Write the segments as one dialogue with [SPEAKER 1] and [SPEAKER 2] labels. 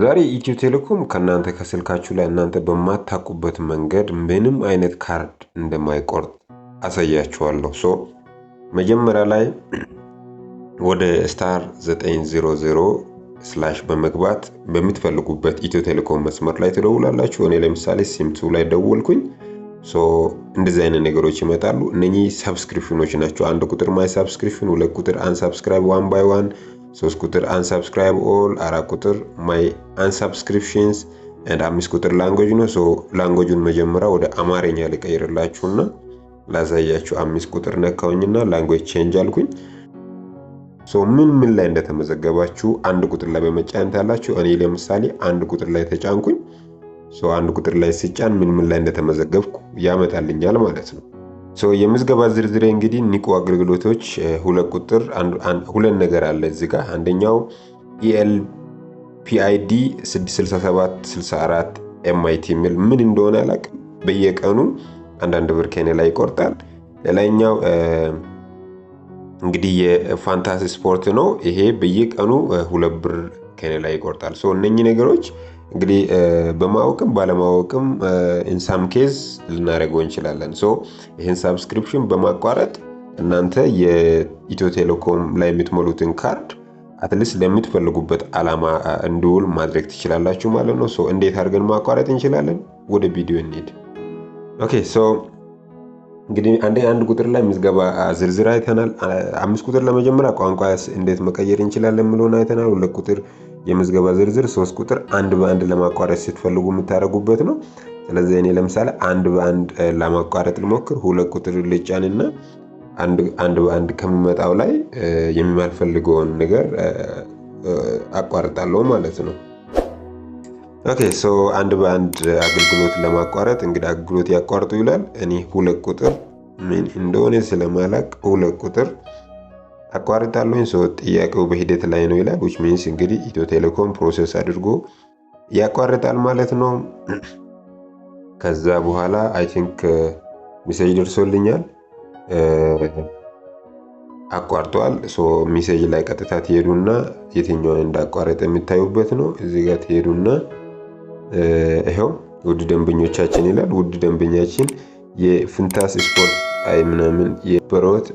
[SPEAKER 1] ዛሬ ኢትዮ ቴሌኮም ከእናንተ ከስልካችሁ ላይ እናንተ በማታውቁበት መንገድ ምንም አይነት ካርድ እንደማይቆርጥ አሳያችኋለሁ። ሶ መጀመሪያ ላይ ወደ ስታር 900 ስላሽ በመግባት በምትፈልጉበት ኢትዮ ቴሌኮም መስመር ላይ ትደውላላችሁ። እኔ ለምሳሌ ሲምቱ ላይ ደወልኩኝ። ሶ እንደዚህ አይነት ነገሮች ይመጣሉ። እነኚህ ሰብስክሪፕሽኖች ናቸው። አንድ ቁጥር ማይ ሳብስክሪፕሽን፣ ሁለት ቁጥር አንሳብስክራይብ፣ ዋን ባይ ዋን ሶስት ቁጥር አንሳብስክራይብ ኦል፣ አራት ቁጥር ማይ አንሳብስክሪፕሽንስ አንድ አምስት ቁጥር ላንጉጅ ነው። ሶ ላንጉጁን መጀመሪያ ወደ አማርኛ ልቀይርላችሁና ላሳያችሁ። አምስት ቁጥር ነካውኝና ላንጉጅ ቼንጅ አልኩኝ። ሶ ምን ምን ላይ እንደተመዘገባችሁ አንድ ቁጥር ላይ በመጫን ታላችሁ። እኔ ለምሳሌ አንድ ቁጥር ላይ ተጫንኩኝ። ሶ አንድ ቁጥር ላይ ሲጫን ምን ምን ላይ እንደተመዘገብኩ ያመጣልኛል ማለት ነው። ሶ የምዝገባ ዝርዝሬ እንግዲህ ኒቁ አገልግሎቶች ሁለት ቁጥር ሁለት ነገር አለ እዚህ ጋር አንደኛው ፒአይዲ 6764 ኤምአይቲ የሚል ምን እንደሆነ አላውቅም። በየቀኑ አንዳንድ ብር ከኔ ላይ ይቆርጣል። ሌላኛው እንግዲህ የፋንታሲ ስፖርት ነው። ይሄ በየቀኑ ሁለት ብር ከኔ ላይ ይቆርጣል። እነኚህ ነገሮች እንግዲህ በማወቅም ባለማወቅም ኢንሳም ኬዝ ልናደርገው እንችላለን። ሶ ይህን ሳብስክሪፕሽን በማቋረጥ እናንተ የኢትዮ ቴሌኮም ላይ የምትሞሉትን ካርድ አትሊስት ለምትፈልጉበት ዓላማ እንዲውል ማድረግ ትችላላችሁ ማለት ነው። ሶ እንዴት አድርገን ማቋረጥ እንችላለን? ወደ ቪዲዮ እንሄድ። ኦኬ ሶ እንግዲህ አንድ አንድ ቁጥር ላይ ምዝገባ ዝርዝር አይተናል። አምስት ቁጥር ለመጀመሪያ ቋንቋ እንዴት መቀየር እንችላለን የሚለውን አይተናል። ሁለት ቁጥር የምዝገባ ዝርዝር፣ ሶስት ቁጥር አንድ በአንድ ለማቋረጥ ስትፈልጉ የምታደርጉበት ነው። ስለዚህ እኔ ለምሳሌ አንድ በአንድ ለማቋረጥ ልሞክር። ሁለት ቁጥር ልጫንና አንድ በአንድ ከሚመጣው ላይ የማልፈልገውን ነገር አቋርጣለሁ ማለት ነው። ኦኬ ሶ አንድ በአንድ አገልግሎት ለማቋረጥ እንግዲህ አገልግሎት ያቋርጡ ይላል። እኔ ሁለት ቁጥር ምን እንደሆነ ስለማላቅ ሁለት ቁጥር አቋርጣለሁኝ። ሶ ጥያቄው በሂደት ላይ ነው ይላል። ዊች ሚንስ እንግዲህ ኢትዮ ቴሌኮም ፕሮሰስ አድርጎ ያቋርጣል ማለት ነው። ከዛ በኋላ አይ ቲንክ ሚሴጅ ደርሶልኛል uh, አቋርጧል። ሶ ሚሴጅ ላይ ቀጥታ ትሄዱና የትኛውን እንዳቋረጠ የምታዩበት ነው። እዚህ ጋር ትሄዱና ይኸው ውድ ደንበኞቻችን ይላል። ውድ ደንበኛችን የፍንታስ ስፖርት አይ ምናምን የበረወት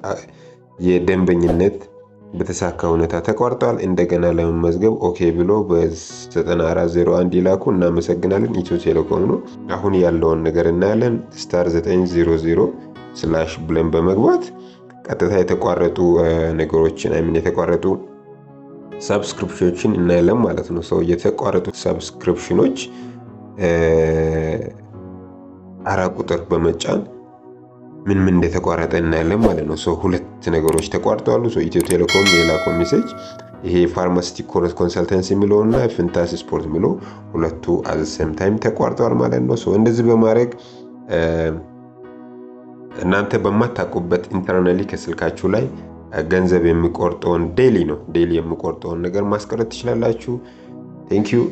[SPEAKER 1] የደንበኝነት በተሳካ ሁኔታ ተቋርጧል። እንደገና ለመመዝገብ ኦኬ ብሎ በ9401 ይላኩ። እናመሰግናለን። ኢትዮ ቴሌኮም ነው። አሁን ያለውን ነገር እናያለን። ስታር 900 ስላሽ ብለን በመግባት ቀጥታ የተቋረጡ ነገሮችን አይምን የተቋረጡ ሰብስክሪፕሽኖችን እናያለን ማለት ነው። ሰው የተቋረጡ ሰብስክሪፕሽኖች አራት ቁጥር በመጫን ምን ምን እንደተቋረጠ እናያለን ማለት ነው። ሰው ሁለት ነገሮች ተቋርጠዋሉ። ሰው ኢትዮ ቴሌኮም የላከው ሜሴጅ ይሄ ፋርማሲቲ ኮረት ኮንሰልተንስ የሚለው እና ፍንታስ ስፖርት የሚለው ሁለቱ አዘሰም ታይም ተቋርጠዋል ማለት ነው። ሰው እንደዚህ በማድረግ እናንተ በማታውቁበት ኢንተርናሊ ከስልካችሁ ላይ ገንዘብ የሚቆርጠውን ዴሊ ነው ዴሊ የሚቆርጠውን ነገር ማስቀረት ትችላላችሁ። ቴንኪዩ